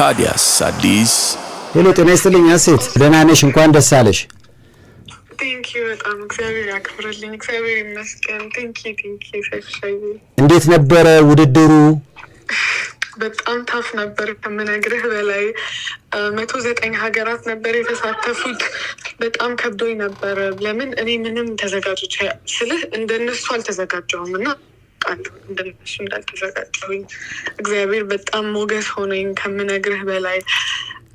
ታዲያስ አዲስ ሄሎ፣ ጤና ይስጥልኝ አሴት፣ ደህና ነሽ? እንኳን ደስ አለሽ። እንዴት ነበረ ውድድሩ? በጣም ታፍ ነበር ከምነግርህ በላይ መቶ ዘጠኝ ሀገራት ነበር የተሳተፉት። በጣም ከብዶኝ ነበረ። ለምን እኔ ምንም ተዘጋጆች ስልህ እንደነሱ አልተዘጋጀውም እና እንደመጣለሁ እንደነሱ እንዳልተዘጋጀሁኝ እግዚአብሔር በጣም ሞገስ ሆነኝ ከምነግርህ በላይ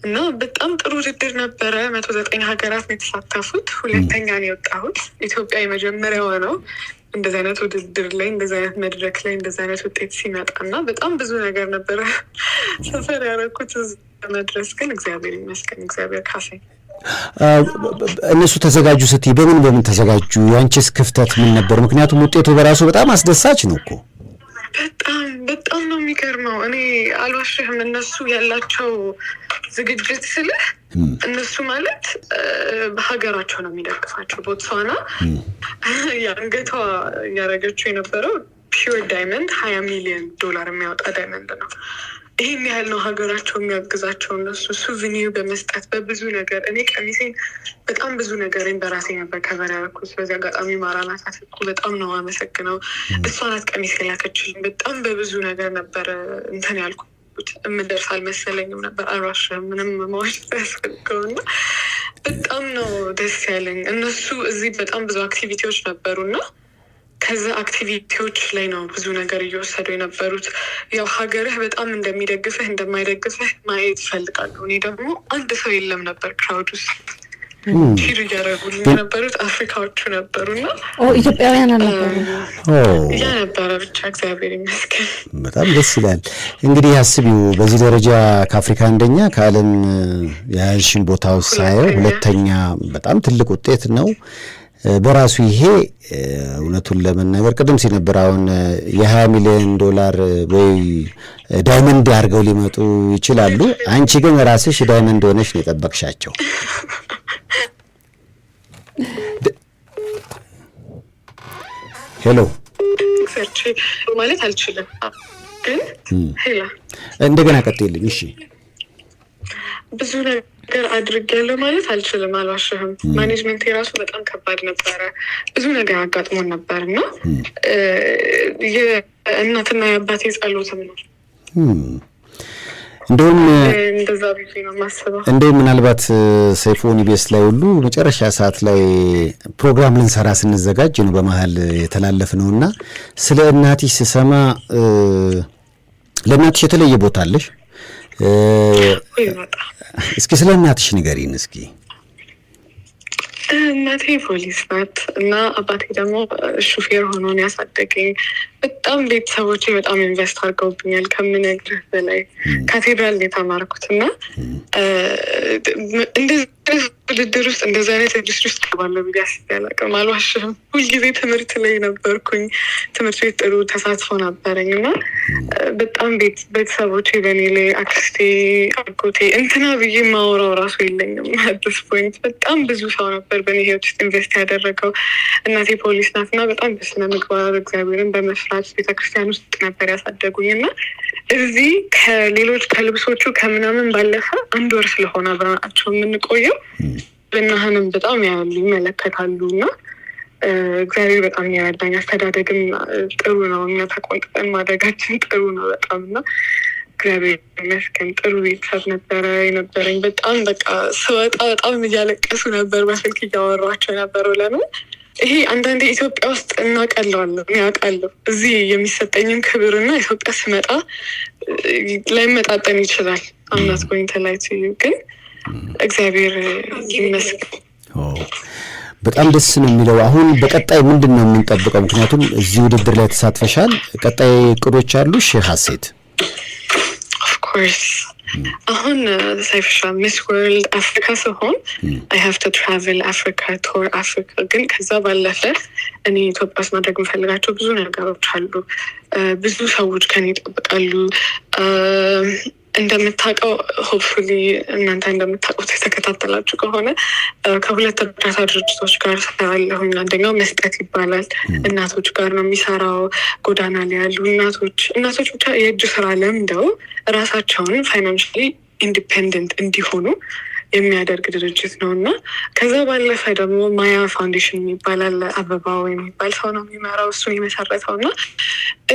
እና በጣም ጥሩ ውድድር ነበረ። መቶ ዘጠኝ ሀገራት ነው የተሳተፉት። ሁለተኛ ነው የወጣሁት። ኢትዮጵያ የመጀመሪያው ነው እንደዚህ አይነት ውድድር ላይ እንደዚህ አይነት መድረክ ላይ እንደዚህ አይነት ውጤት ሲመጣ እና በጣም ብዙ ነገር ነበረ ሰፈር ያደረኩት መድረስ ግን እግዚአብሔር ይመስገን እግዚአብሔር ካሰኝ እነሱ ተዘጋጁ ስትይ በምን በምን ተዘጋጁ? የአንቺስ ክፍተት ምን ነበር? ምክንያቱም ውጤቱ በራሱ በጣም አስደሳች ነው እኮ። በጣም በጣም ነው የሚገርመው። እኔ አልዋሽህም። እነሱ ያላቸው ዝግጅት ስልህ እነሱ ማለት በሀገራቸው ነው የሚደግፋቸው። ቦትስዋና የአንገቷ እያደረገችው የነበረው ፒውር ዳይመንድ ሀያ ሚሊዮን ዶላር የሚያወጣ ዳይመንድ ነው። ይህን ያህል ነው ሀገራቸው የሚያግዛቸው እነሱ ሱቪኒር በመስጠት በብዙ ነገር። እኔ ቀሚሴን በጣም ብዙ ነገርን በራሴ ነበር ከበር ያደረኩት። በዚህ አጋጣሚ ማራናት አፍቁ በጣም ነው አመሰግነው። እሷ ናት ቀሚስ ላከችልኝ። በጣም በብዙ ነገር ነበር እንትን ያልኩት። የምደርስ አልመሰለኝም ነበር። አልዋሽም፣ ምንም ማዋሽ ያስፈልገው እና በጣም ነው ደስ ያለኝ። እነሱ እዚህ በጣም ብዙ አክቲቪቲዎች ነበሩ እና ከዛ አክቲቪቲዎች ላይ ነው ብዙ ነገር እየወሰዱ የነበሩት። ያው ሀገርህ በጣም እንደሚደግፍህ እንደማይደግፍህ ማየት ይፈልጋሉ። እኔ ደግሞ አንድ ሰው የለም ነበር ክራውድ ውስጥ ሺር እያደረጉልን የነበሩት አፍሪካዎቹ ነበሩ እና ኢትዮጵያውያን ያ ነበረ። ብቻ እግዚአብሔር ይመስገን በጣም ደስ ይላል። እንግዲህ አስቢው በዚህ ደረጃ ከአፍሪካ አንደኛ ከዓለም የያዥሽን ቦታ ውስጥ ሳየው ሁለተኛ በጣም ትልቅ ውጤት ነው። በራሱ ይሄ እውነቱን ለመናገር ቅድም ሲነበር አሁን የሀያ ሚሊዮን ዶላር ወይ ዳይመንድ አድርገው ሊመጡ ይችላሉ። አንቺ ግን ራስሽ ዳይመንድ ሆነሽ ነው የጠበቅሻቸው። ሄሎ ማለት አልችልም፣ ግን እንደገና ቀጥልኝ። እሺ ብዙ ነገር ነገር አድርጌያለሁ ማለት አልችልም፣ አልዋሽህም። ማኔጅመንት የራሱ በጣም ከባድ ነበረ። ብዙ ነገር አጋጥሞን ነበር እና የእናትና የአባቴ ጸሎትም ነው። እንደውም እንደውም ምናልባት ሰይፎ ኒቤስ ላይ ሁሉ መጨረሻ ሰዓት ላይ ፕሮግራም ልንሰራ ስንዘጋጅ ነው በመሀል የተላለፍ ነው እና ስለ እናትሽ ስሰማ ለእናትሽ የተለየ ቦታ አለሽ? እስኪ ስለ እናትሽ ንገሪን እስኪ። እናቴ ፖሊስ ናት እና አባቴ ደግሞ ሹፌር ሆኖን ያሳደገኝ በጣም ቤተሰቦች በጣም ኢንቨስት አድርገውብኛል ከምንግርህ በላይ ካቴድራል የተማርኩት እና ውድድር ውስጥ እንደዚ አይነት ኢንዱስትሪ ውስጥ ገባለሁ ብዬ አስቤ አልዋሽም። ሁልጊዜ ትምህርት ላይ ነበርኩኝ። ትምህርት ቤት ጥሩ ተሳትፎ ነበረኝ እና በጣም ቤተሰቦቼ በእኔ ላይ አክስቴ፣ አጎቴ እንትና ብዬ ማውራው ራሱ የለኝም። አዲስ ፖይንት በጣም ብዙ ሰው ነበር በእኔ ህይወት ውስጥ ኢንቨስት ያደረገው እናቴ ፖሊስ ናት እና በጣም በስነ ምግባር እግዚአብሔርን በመስራት ቤተክርስቲያን ውስጥ ነበር ያሳደጉኝ እና እዚህ ከሌሎች ከልብሶቹ ከምናምን ባለፈ አንድ ወር ስለሆነ አብረናቸው የምንቆየው ብናህንም በጣም ያሉ ይመለከታሉ እና እግዚአብሔር በጣም የረዳኝ አስተዳደግም ጥሩ ነው። እኛ ተቆንጥጠን ማደጋችን ጥሩ ነው በጣም እና እግዚአብሔር ይመስገን ጥሩ ቤተሰብ ነበረ የነበረኝ። በጣም በቃ ስወጣ በጣም እያለቀሱ ነበር፣ በስልክ እያወሯቸው ነበሩ። ብለን ይሄ አንዳንዴ ኢትዮጵያ ውስጥ እናቀለዋለሁ ያውቃለሁ። እዚህ የሚሰጠኝን ክብርና ኢትዮጵያ ስመጣ ላይመጣጠን ይችላል። አምናት ጎኝተ ላይ ግን እግዚአብሔር ይመስገን። በጣም ደስ ነው የሚለው። አሁን በቀጣይ ምንድን ነው የምንጠብቀው? ምክንያቱም እዚህ ውድድር ላይ ተሳትፈሻል። ቀጣይ እቅዶች አሉ ሼህ ሀሴት ኮርስ mm. አሁን ሳይፍሻ ሚስ ወርልድ አፍሪካ ሲሆን አይ ሃቭ ቱ ትራቨል አፍሪካ ቶር አፍሪካ። ግን ከዛ ባለፈ እኔ ኢትዮጵያ ውስጥ ማድረግ የምፈልጋቸው ብዙ ነገሮች አሉ። uh, ብዙ ሰዎች ከኔ ይጠብቃሉ። uh, እንደምታውቀው ሆፕፉሊ እናንተ እንደምታውቁት የተከታተላችሁ ከሆነ ከሁለት እርዳታ ድርጅቶች ጋር ሰራለሁኝ። አንደኛው መስጠት ይባላል። እናቶች ጋር ነው የሚሰራው። ጎዳና ላይ ያሉ እናቶች እናቶች ብቻ የእጅ ስራ ለምደው ራሳቸውን ፋይናንሻሊ ኢንዲፔንደንት እንዲሆኑ የሚያደርግ ድርጅት ነው እና ከዛ ባለፈ ደግሞ ማያ ፋውንዴሽን የሚባላል አለ። አበባው የሚባል ሰው ነው የሚመራው፣ እሱ የመሰረተው እና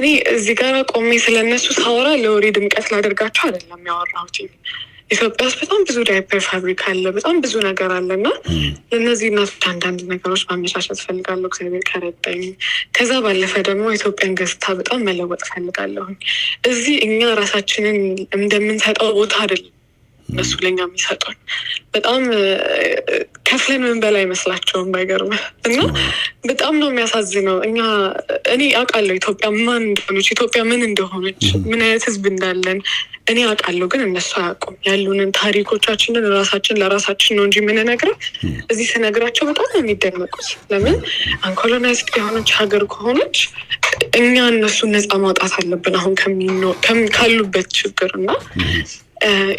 እኔ እዚህ ጋር ቆሜ ስለነሱ ሳወራ ለወሬ ድምቀት ላደርጋቸው አይደለም ያወራሁት። ኢትዮጵያ ውስጥ በጣም ብዙ ዳይፐር ፋብሪካ አለ፣ በጣም ብዙ ነገር አለ እና ለእነዚህ እናቶች አንዳንድ ነገሮች ማመቻቸት ፈልጋለሁ እግዚአብሔር ከረዳኝ። ከዛ ባለፈ ደግሞ ኢትዮጵያን ገጽታ በጣም መለወጥ ፈልጋለሁኝ። እዚህ እኛ ራሳችንን እንደምንሰጠው ቦታ አይደለም እሱ ለኛ የሚሰጡን በጣም ከፍለን ምን በላይ አይመስላቸውም። ባይገርም እና በጣም ነው የሚያሳዝነው። እኛ እኔ አውቃለሁ ኢትዮጵያ ማን እንደሆነች ኢትዮጵያ ምን እንደሆነች ምን አይነት ህዝብ እንዳለን እኔ አውቃለሁ፣ ግን እነሱ አያውቁም። ያሉንን ታሪኮቻችንን ራሳችን ለራሳችን ነው እንጂ የምንነግረ እዚህ ስነግራቸው በጣም ነው የሚደመቁት። ለምን አንኮሎናይዝድ የሆነች ሀገር ከሆነች እኛ እነሱን ነፃ ማውጣት አለብን አሁን ካሉበት ችግር እና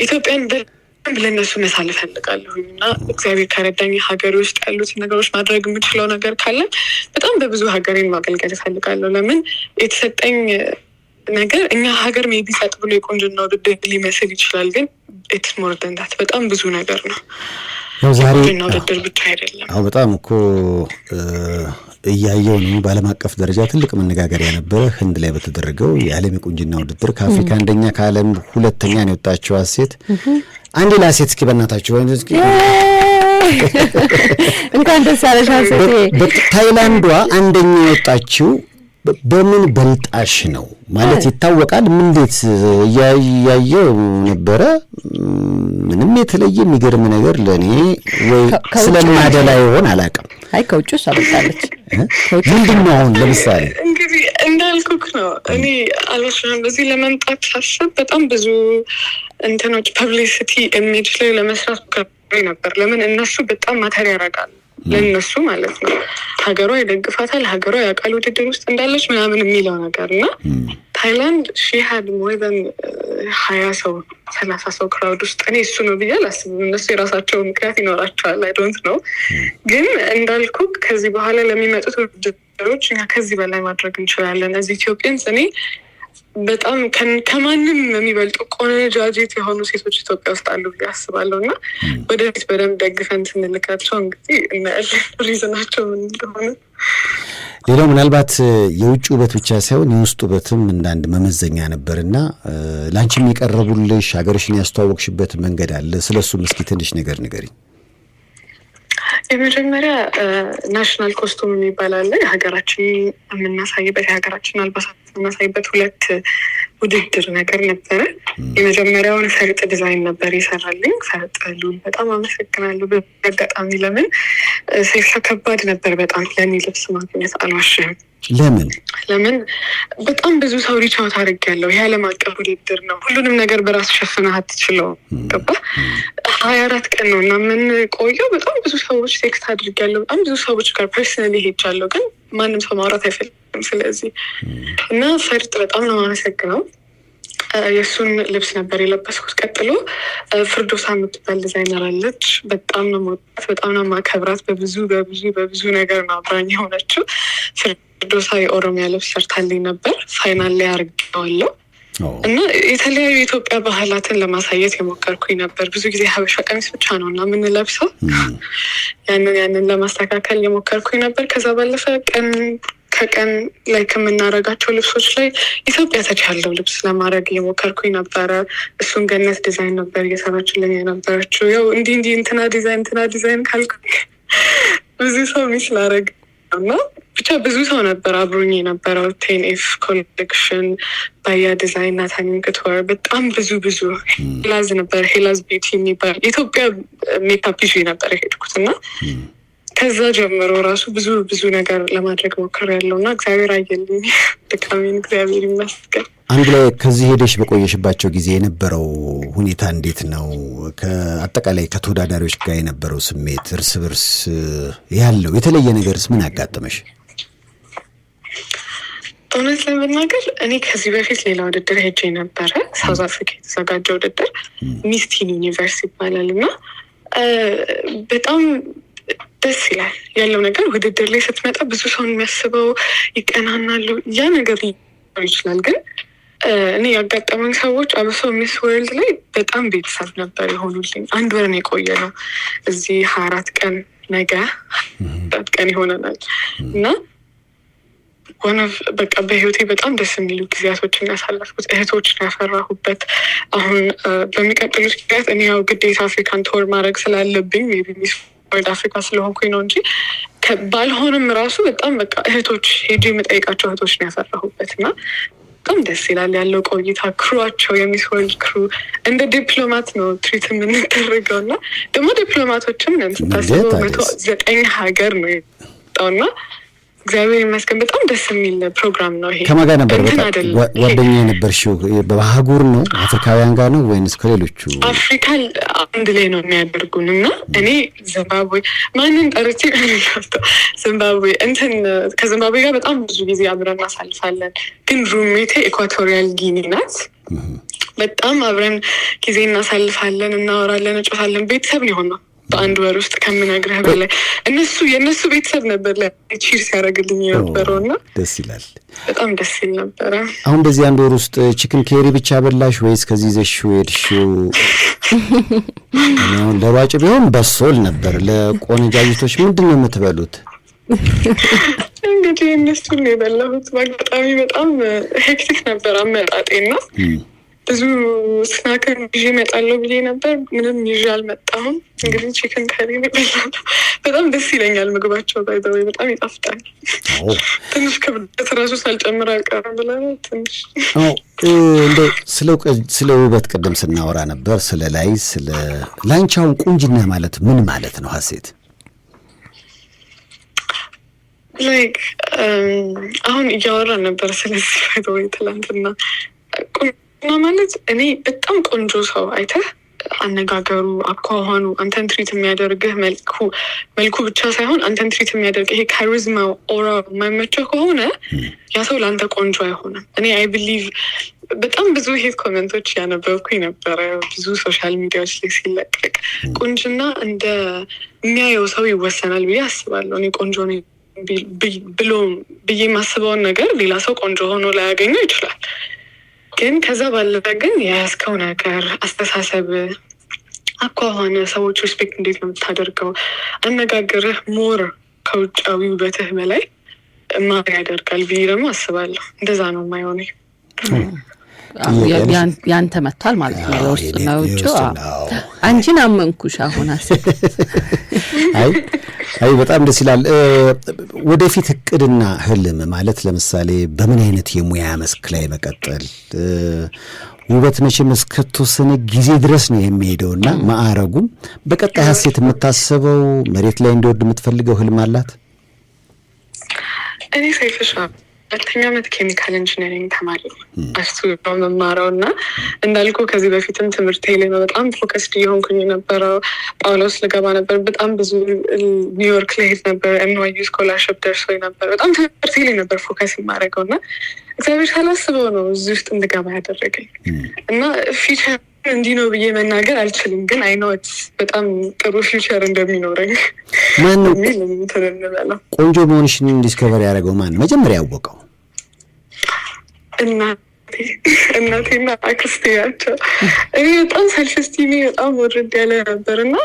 ኢትዮጵያን በደንብ ለእነሱ መሳል እፈልጋለሁ እና እግዚአብሔር ከረዳኝ ሀገር ውስጥ ያሉት ነገሮች ማድረግ የምችለው ነገር ካለን በጣም በብዙ ሀገሬን ማገልገል እፈልጋለሁ። ለምን የተሰጠኝ ነገር እኛ ሀገር ሜቢ ሰጥ ብሎ የቆንጆና ውድድር ሊመስል ይችላል፣ ግን ኢትስ ሞር በጣም ብዙ ነገር ነው። ዛሬ ውድድር ብቻ አይደለም። በጣም እኮ እያየው ነው። በዓለም አቀፍ ደረጃ ትልቅ መነጋገሪያ ነበረ። ህንድ ላይ በተደረገው የዓለም የቁንጅና ውድድር ከአፍሪካ አንደኛ ከዓለም ሁለተኛ ነው የወጣችው ሀሴት። አንዴ ለሀሴት እስኪ በእናታችሁ እንኳን ደስ ያለሽ ሀሴት። ታይላንዷ አንደኛ የወጣችው በምን በልጣሽ ነው ማለት ይታወቃል። ምንዴት እያየው ነበረ። ምንም የተለየ የሚገርም ነገር ለእኔ ወይ ስለማደላ ይሆን አላውቅም አይ ከውጭ ሳበጣለች ምንድን ነው አሁን ለምሳሌ እንግዲህ እንዳልኩክ ነው። እኔ አልወስንም በዚህ ለመምጣት ሳስብ በጣም ብዙ እንትኖች ፐብሊሲቲ ኢሜጅ ላይ ለመስራት ገብሬ ነበር። ለምን እነሱ በጣም ማተር ያደርጋል ለእነሱ ማለት ነው። ሀገሯ ይደግፋታል፣ ሀገሯ የአቃል ውድድር ውስጥ እንዳለች ምናምን የሚለው ነገር እና ታይላንድ ሺ ሀድ ሞር ሀያ ሰው ሰላሳ ሰው ክራውድ ውስጥ እኔ እሱ ነው ብያል አላስብም። እነሱ የራሳቸው ምክንያት ይኖራቸዋል። አይዶንት ነው። ግን እንዳልኩ ከዚህ በኋላ ለሚመጡት ውድድሮች እኛ ከዚህ በላይ ማድረግ እንችላለን። እዚህ ኢትዮጵያንስ እኔ በጣም ከማንም የሚበልጡ ቆነጃጅት የሆኑ ሴቶች ኢትዮጵያ ውስጥ አሉ ብዬ አስባለሁ እና ወደፊት በደንብ ደግፈን ስንልካቸው እንግዲህ እናያለን ሪዝናቸው ምን እንደሆነ። ሌላው ምናልባት የውጭ ውበት ብቻ ሳይሆን የውስጥ ውበትም እንዳንድ መመዘኛ ነበር እና ለአንቺም የቀረቡልሽ ሀገርሽን ያስተዋወቅሽበት መንገድ አለ። ስለ ስለሱም እስኪ ትንሽ ነገር ንገሪኝ። የመጀመሪያ ናሽናል ኮስቱም የሚባል አለ። የሀገራችን የምናሳይበት የሀገራችን አልባሳት የማሳይበት ሁለት ውድድር ነገር ነበረ። የመጀመሪያውን ፈርጥ ዲዛይን ነበር የሰራልኝ። ፈርጥ በጣም አመሰግናለሁ። በአጋጣሚ ለምን ሴሳ ከባድ ነበር በጣም ለእኔ ልብስ ማግኘት አልዋሽም። ለምን ለምን በጣም ብዙ ሰው ሪቻውት አድርግ ያለው ይህ ዓለም አቀፍ ውድድር ነው። ሁሉንም ነገር በራሱ ሸፍነህ አትችለውም። ገባ ሀያ አራት ቀን ነው እና ምን ቆየው። በጣም ብዙ ሰዎች ቴክስት አድርግ ያለው በጣም ብዙ ሰዎች ጋር ፐርሰናል ሄጃለሁ ግን ማንም ሰው ማውራት አይፈልግም። ስለዚህ እና ፈርጥ በጣም ነው ማመሰግነው የእሱን ልብስ ነበር የለበስኩት። ቀጥሎ ፍርዶሳ የምትባል ዲዛይነር አለች። በጣም ነው መውጣት፣ በጣም ነው ማከብራት። በብዙ በብዙ በብዙ ነገር ነው አብራኝ የሆነችው። ፍርዶሳ የኦሮሚያ ልብስ ሰርታልኝ ነበር። ፋይናል ላይ አድርጌዋለሁ። እና የተለያዩ የኢትዮጵያ ባህላትን ለማሳየት የሞከርኩኝ ነበር። ብዙ ጊዜ ሀበሻ ቀሚስ ብቻ ነው እና የምንለብሰው ያንን ያንን ለማስተካከል የሞከርኩኝ ነበር። ከዛ ባለፈ ቀን ከቀን ላይ ከምናረጋቸው ልብሶች ላይ ኢትዮጵያ ተች ያለው ልብስ ለማድረግ እየሞከርኩኝ ነበረ። እሱን ገነት ዲዛይን ነበር እየሰራችልኝ የነበረችው። ያው እንዲህ እንዲህ እንትና ዲዛይን እንትና ዲዛይን ካልኩ ብዙ ሰው ሚስ ላረግ እና ብቻ ብዙ ሰው ነበር አብሮኝ የነበረው። ቴንኤፍ ኮሌክሽን፣ ባያ ዲዛይን፣ ናታኒን ቅትወር በጣም ብዙ ብዙ ሄላዝ ነበር። ሄላዝ ቤት የሚባል የኢትዮጵያ ሜካፕ ይዤ ነበር የሄድኩት እና ከዛ ጀምሮ ራሱ ብዙ ብዙ ነገር ለማድረግ ያለው እና እግዚአብሔር አየልኝ ድካሜን፣ እግዚአብሔር ይመስገን። አንድ ላይ ከዚህ ሄደሽ በቆየሽባቸው ጊዜ የነበረው ሁኔታ እንዴት ነው? አጠቃላይ ከተወዳዳሪዎች ጋር የነበረው ስሜት እርስ በርስ ያለው የተለየ ነገርስ ምን አጋጠመሽ? በእውነት ለመናገር እኔ ከዚህ በፊት ሌላ ውድድር ሄጄ ነበረ። ሳውዝ አፍሪካ የተዘጋጀ ውድድር ሚስቲን ዩኒቨርስ ይባላል እና በጣም ደስ ይላል ያለው ነገር። ውድድር ላይ ስትመጣ ብዙ ሰውን የሚያስበው ይቀናናሉ። ያ ነገር ሊሆን ይችላል፣ ግን እኔ ያጋጠመኝ ሰዎች አብሶ ሚስ ወርልድ ላይ በጣም ቤተሰብ ነበር የሆኑልኝ። አንድ ወርን የቆየ ነው እዚህ ሀያ አራት ቀን ነገ ጣት ቀን ይሆነናል እና ሆነ በቃ በህይወቴ በጣም ደስ የሚሉ ጊዜያቶችን ያሳለፍኩት እህቶችን ያፈራሁበት። አሁን በሚቀጥሉት ጊዜያት እኔ ያው ግዴታ አፍሪካን ቶር ማድረግ ስላለብኝ ሚስ ወደ አፍሪካ ስለሆንኩኝ ነው እንጂ ባልሆንም ራሱ በጣም በቃ እህቶች ሄጄ የምጠይቃቸው እህቶችን ያፈራሁበት እና በጣም ደስ ይላል ያለው ቆይታ። ክሩቸው የሚስወልድ ክሩ እንደ ዲፕሎማት ነው ትሪት የምንደረገው እና ደግሞ ዲፕሎማቶችም ነን ስታስበው መቶ ዘጠኝ ሀገር ነው የወጣውና እግዚአብሔር ይመስገን በጣም ደስ የሚል ፕሮግራም ነው ይሄ። ከማን ጋር ነበር? ጓደኛ ነበር? ሺው በአህጉር ነው አፍሪካውያን ጋር ነው ወይንስ ከሌሎቹ? አፍሪካ አንድ ላይ ነው የሚያደርጉን እና እኔ ዚምባብዌ ማንን ጠርቼ ዚምባብዌ እንትን ከዚምባብዌ ጋር በጣም ብዙ ጊዜ አብረን እናሳልፋለን። ግን ሩሜቴ ኢኳቶሪያል ጊኒ ናት። በጣም አብረን ጊዜ እናሳልፋለን፣ እናወራለን፣ እንጮታለን። ቤተሰብ ነው የሆነው በአንድ ወር ውስጥ ከምነግርህ በላይ እነሱ የእነሱ ቤተሰብ ነበር ቺር ሲያደርግልኝ የነበረው እና ደስ ይላል። በጣም ደስ ይል ነበረ። አሁን በዚህ አንድ ወር ውስጥ ቺክን ኬሪ ብቻ በላሽ ወይስ ከዚህ ይዘሽው ሄድሽው? አሁን ለሯጭ ቢሆን በሶል ነበር። ለቆነጃጅቶች ምንድን ነው የምትበሉት? እንግዲህ እነሱን የበላሁት። በአጋጣሚ በጣም ሄክቲክ ነበር አመጣጤና ብዙ ስናክር ይዤ እመጣለሁ ብዬ ነበር። ምንም ይዤ አልመጣሁም። እንግዲህ ቺክን ካሪ በጣም ደስ ይለኛል። ምግባቸው ባይ ዘ ወይ በጣም ይጣፍጣል። ትንሽ ክብደት ራሱ ሳልጨምር አልቀርም ብላ ትንሽ ስለ ውበት ቅድም ስናወራ ነበር። ስለ ላይ ስለ ላንቻውን ቁንጅና ማለት ምን ማለት ነው ሀሴት? ላይክ um, አሁን እያወራ ነበር ስለዚህ ባይ ዘ ወይ ትላንትና ያ ማለት እኔ በጣም ቆንጆ ሰው አይተህ አነጋገሩ፣ አኳኋኑ፣ አንተን ትሪት የሚያደርግህ መልኩ መልኩ ብቻ ሳይሆን አንተን ትሪት የሚያደርግ ይሄ ካሪዝማ ኦራ የማይመቸው ከሆነ ያ ሰው ለአንተ ቆንጆ አይሆንም። እኔ አይ ብሊቭ በጣም ብዙ ሄት ኮመንቶች ያነበብኩኝ ነበረ ብዙ ሶሻል ሚዲያዎች ላይ ሲለቀቅ ቁንጅና እንደ የሚያየው ሰው ይወሰናል ብዬ አስባለሁ። እኔ ቆንጆ ነ ብሎ ብዬ የማስበውን ነገር ሌላ ሰው ቆንጆ ሆኖ ላያገኘው ይችላል። ግን ከዛ ባለፈ ግን የያዝከው ነገር አስተሳሰብ አኳኋነ ሰዎች ሪስፔክት እንዴት ነው የምታደርገው? አነጋገርህ ሞር ከውጫዊ ውበትህ በላይ ማር ያደርጋል ብዬ ደግሞ አስባለሁ። እንደዛ ነው የማይሆነ ያንተ መጥቷል ማለት ነው። የውስጡና የውጭ አንቺን አመንኩሽ አሁን አስ አይ በጣም ደስ ይላል። ወደፊት እቅድና ህልም ማለት ለምሳሌ በምን አይነት የሙያ መስክ ላይ መቀጠል ውበት መቼም እስከተወሰነ ጊዜ ድረስ ነው የሚሄደውና ማዕረጉም በቀጣይ ሀሴት የምታስበው መሬት ላይ እንዲወርድ የምትፈልገው ህልም አላት እኔ ሁለተኛ ዓመት ኬሚካል ኢንጂነሪንግ ተማሪ እሱ መማረው እና እንዳልኩ ከዚህ በፊትም ትምህርት ላይ በጣም ፎከስድ እየሆንኩኝ ነበረው። ጳውሎስ ልገባ ነበር። በጣም ብዙ ኒውዮርክ ላይሄድ ነበር። ኤንዋዩ ስኮላርሽፕ ደርሶ ነበር። በጣም ትምህርት ላይ ነበር ፎከስ የማደርገው እና እግዚአብሔር ሳላስበው ነው እዚህ ውስጥ እንድገባ ያደረገኝ እና ፊቸር እንዲህ ነው ብዬ መናገር አልችልም፣ ግን አይነት በጣም ጥሩ ፊውቸር እንደሚኖረኝ ማነው ቆንጆ መሆንሽን ዲስከቨር ያደረገው? ማን መጀመሪያ ያወቀው? እናቴና አክስቴ ናቸው። እኔ በጣም ሰልፍስቲሚ በጣም ወርድ ያለ ነበር እና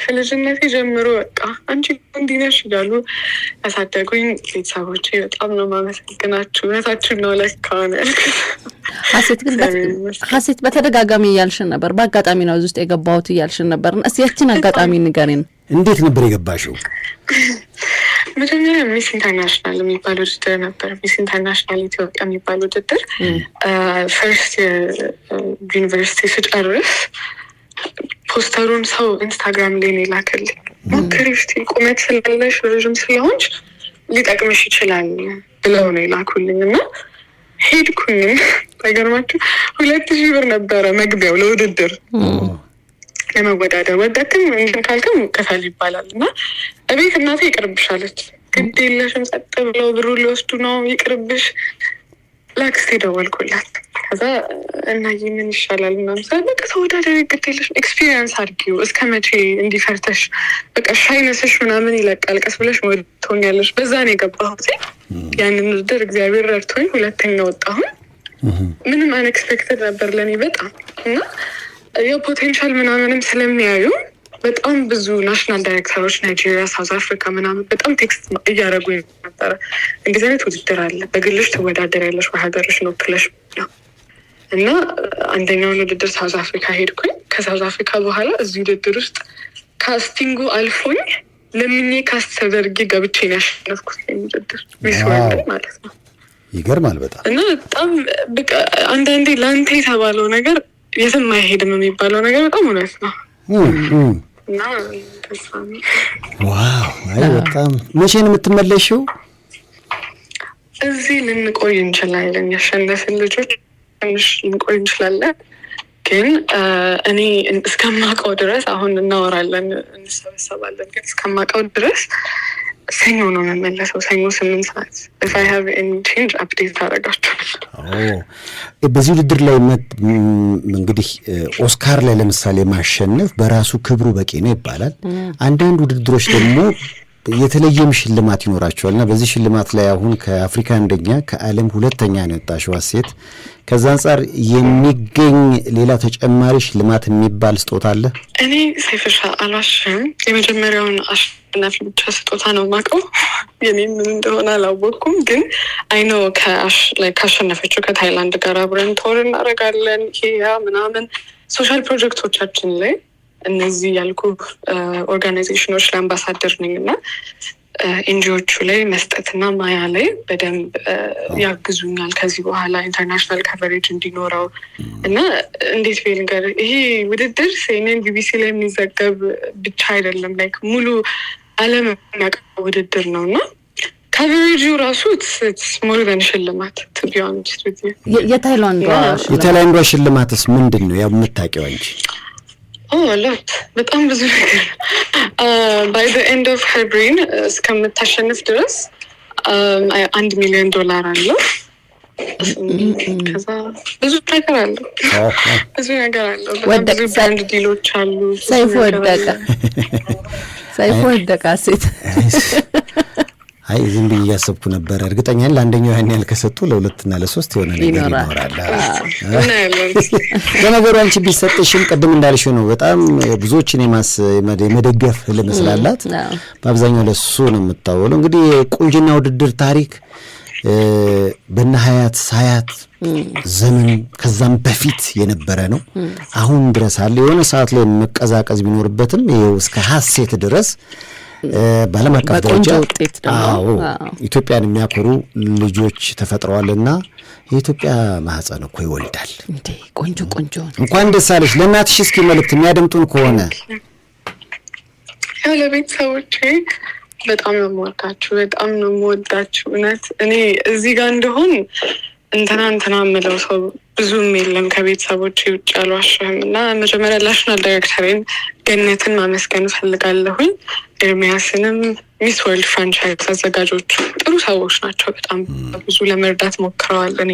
ከልጅነቴ ጀምሮ በቃ አንቺ እንዲነሽ ነሽ እያሉ ያሳደጉኝ ቤተሰቦች በጣም ነው ማመሰግናችሁ። እውነታችን ነው ለካ ነው። ሀሴት በተደጋጋሚ እያልሽን ነበር፣ በአጋጣሚ ነው እዚህ ውስጥ የገባሁት እያልሽን ነበር። እስኪ ያችን አጋጣሚ ንገሪን። እንዴት ነበር የገባሽው? መጀመሪያ ሚስ ኢንተርናሽናል የሚባል ውድድር ነበር። ሚስ ኢንተርናሽናል ኢትዮጵያ የሚባል ውድድር ፈርስት ዩኒቨርሲቲ ስጨርስ ፖስተሩን ሰው ኢንስታግራም ላይ ነው የላከልኝ። ሞክሪ ቁመት ስላለሽ ረዥም ስለሆንች ሊጠቅምሽ ይችላል ብለው ነው ይላኩልኝ እና ሄድኩኝ። ተገርማችሁ ሁለት ሺህ ብር ነበረ መግቢያው ለውድድር የመወዳደር ወደትም እንትን ካልክም ከሳል ይባላል እና እቤት እናቴ ይቅርብሻለች። ግድ የለሽም ጸጥ ብለው ብሩ ሊወስዱ ነው ይቅርብሽ። ላክስቴ ደወልኩላት። ከዛ እናዬ ምን ይሻላል ምናምን ስላት በቃ ተወዳደሪ ግድ የለሽም ኤክስፒሪየንስ አድርጊው እስከ መቼ እንዲፈርተሽ በቃ ሻይነስሽ ምናምን ይለቃል። ቀስ ብለሽ መወድ ትሆኛለሽ። በዛ ነው የገባሁት። ያንን ውድድር እግዚአብሔር ረድቶኝ ሁለተኛ ወጣሁን። ምንም አንኤክስፔክትድ ነበር ለእኔ በጣም እና ያው ፖቴንሻል ምናምንም ስለሚያዩ በጣም ብዙ ናሽናል ዳይሬክተሮች ናይጄሪያ፣ ሳውዝ አፍሪካ ምናምን በጣም ቴክስት እያደረጉ ነበረ። እንደዚህ አይነት ውድድር አለ፣ በግልሽ ትወዳደር ያለች በሀገርሽ ነው ትለሽ ነው እና አንደኛውን ውድድር ሳውዝ አፍሪካ ሄድኩኝ። ከሳውዝ አፍሪካ በኋላ እዚህ ውድድር ውስጥ ካስቲንጉ አልፎኝ ለምን ካስት ተደርጌ ገብቼ ነው ያሸነፍኩት። ውድድር ሚስ ወርልድ ማለት ነው። ይገርማል በጣም እና በጣም አንዳንዴ ለአንተ የተባለው ነገር የትም አይሄድም የሚባለው ነገር በጣም እውነት ነው። ዋው! በጣም መቼ ነው የምትመለሽው? እዚህ ልንቆይ እንችላለን። ያሸነፍን ልጆች ትንሽ ልንቆይ እንችላለን። ግን እኔ እስከማውቀው ድረስ አሁን እናወራለን፣ እንሰበሰባለን። ግን እስከማውቀው ድረስ ሰኞ ነው የምመለሰው። ሰኞ ስምንት ሰዓት ቼንጅ አፕዴት ታደርጋቸዋል። በዚህ ውድድር ላይ እንግዲህ ኦስካር ላይ ለምሳሌ ማሸነፍ በራሱ ክብሩ በቂ ነው ይባላል። አንዳንድ ውድድሮች ደግሞ የተለየም ሽልማት ይኖራቸዋል እና በዚህ ሽልማት ላይ አሁን ከአፍሪካ አንደኛ ከዓለም ሁለተኛ ነው የወጣችዋ ሴት። ከዛ አንጻር የሚገኝ ሌላ ተጨማሪ ሽልማት የሚባል ስጦታ አለ? እኔ ሴፍሻ አላሽም የመጀመሪያውን አሸናፊ ብቻ ስጦታ ነው የማውቀው። የኔ ምን እንደሆነ አላወቅኩም፣ ግን አይኖ ካሸነፈችው ከታይላንድ ጋር አብረን ቶር እናደርጋለን ይሄ ምናምን ሶሻል ፕሮጀክቶቻችን ላይ እነዚህ ያልኩ ኦርጋናይዜሽኖች ለአምባሳደር ነኝ እና ኤንጂዎቹ ላይ መስጠትና ማያ ላይ በደንብ ያግዙኛል። ከዚህ በኋላ ኢንተርናሽናል ከቨሬጅ እንዲኖረው እና እንዴት ቤል ይሄ ውድድር ሴኔን ቢቢሲ ላይ የሚዘገብ ብቻ አይደለም፣ ላይክ ሙሉ አለም የሚያቀ ውድድር ነው እና ከቨሬጁ ራሱ ሞር ዘን ሽልማት የታይላንዷ ሽልማትስ ምንድን ነው? ያው የምታቂው እንጂ ላት በጣም ብዙ ነገር ባይ ዘ ኤንድ ኦፍ ሄር ብሬን እስከምታሸንፍ ድረስ አንድ ሚሊዮን ዶላር አለው። ከዛ ብዙ ነገር አለው፣ ብዙ ነገር አለው። ብራንድ ዲሎች አሉ። ሰይፉ ወደቀ፣ ሰይፉ ወደቀ ሴት አይ ዝም ብዬ እያሰብኩ ነበረ። እርግጠኛ ለአንደኛው ያን ያህል ከሰጡ ለሁለትና ለሶስት የሆነ ነገር ይኖራል። ለነገሩ አንቺ ቢሰጥሽም ቅድም እንዳልሽው ነው። በጣም ብዙዎችን የመደገፍ ህልም ስላላት በአብዛኛው ለሱ ነው የምታወለው። እንግዲህ የቁንጅና ውድድር ታሪክ በነ ሀያት ሳያት ዘመን ከዛም በፊት የነበረ ነው። አሁን ድረስ አለ። የሆነ ሰዓት ላይ መቀዛቀዝ ቢኖርበትም ይኸው እስከ ሀሴት ድረስ በዓለም አቀፍ ደረጃ ኢትዮጵያን የሚያኮሩ ልጆች ተፈጥረዋልና የኢትዮጵያ ማህፀን እኮ ይወልዳል። ቆንጆ ቆንጆ እንኳን ደስ አለሽ። ለእናትሽ እስኪ መልእክት የሚያደምጡን ከሆነ ለቤተሰቦች በጣም ነው የምወዳችሁ፣ በጣም ነው የምወዳችሁ። እውነት እኔ እዚህ ጋር እንደሆን እንትና እንትና የምለው ሰው ብዙም የለም ከቤተሰቦች ውጭ አሸህም እና መጀመሪያ ላሽናል ዳይሬክተሬን ገነትን ማመስገን እፈልጋለሁኝ። ኤርሚያስንም ሚስ ወርልድ ፍራንቻይዝ አዘጋጆቹ ጥሩ ሰዎች ናቸው። በጣም ብዙ ለመርዳት ሞክረዋል። እኔ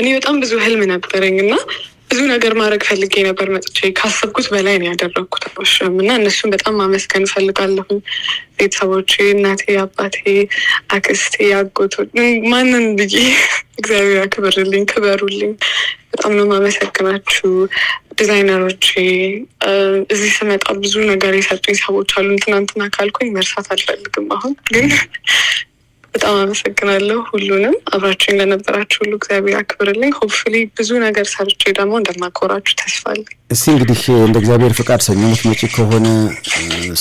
እኔ በጣም ብዙ ህልም ነበረኝ እና ብዙ ነገር ማድረግ ፈልጌ ነበር። መጥቼ ካሰብኩት በላይ ነው ያደረግኩት እና እነሱን በጣም ማመስገን እፈልጋለሁ። ቤተሰቦቼ፣ እናቴ፣ አባቴ፣ አክስቴ፣ አጎቶ ማንን ብዬ እግዚአብሔር ያክብርልኝ፣ ክበሩልኝ። በጣም ነው ማመሰግናችሁ። ዲዛይነሮቼ፣ እዚህ ስመጣ ብዙ ነገር የሰጡኝ ሰዎች አሉ። ትናንትና ካልኩኝ መርሳት አልፈልግም። አሁን ግን በጣም አመሰግናለሁ። ሁሉንም አብራችን ለነበራችሁ ሁሉ እግዚአብሔር አክብርልኝ። ሆፕፉሊ ብዙ ነገር ሰርቼ ደግሞ እንደማኮራችሁ ተስፋ እስቲ እንግዲህ እንደ እግዚአብሔር ፍቃድ ሰኞ ምትመጪ ከሆነ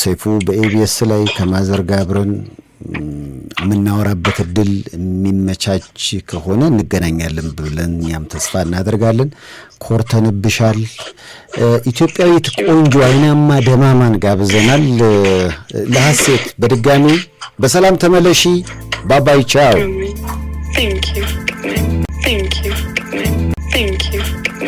ሰይፉ በኤቢኤስ ላይ ከማዘር ጋር አብረን የምናወራበት እድል የሚመቻች ከሆነ እንገናኛለን ብለን እኛም ተስፋ እናደርጋለን። ኮርተንብሻል። ኢትዮጵያዊት ቆንጆ አይናማ ደማማን ጋብዘናል። ለሀሴት በድጋሚ በሰላም ተመለሺ። ባባይ ቻው።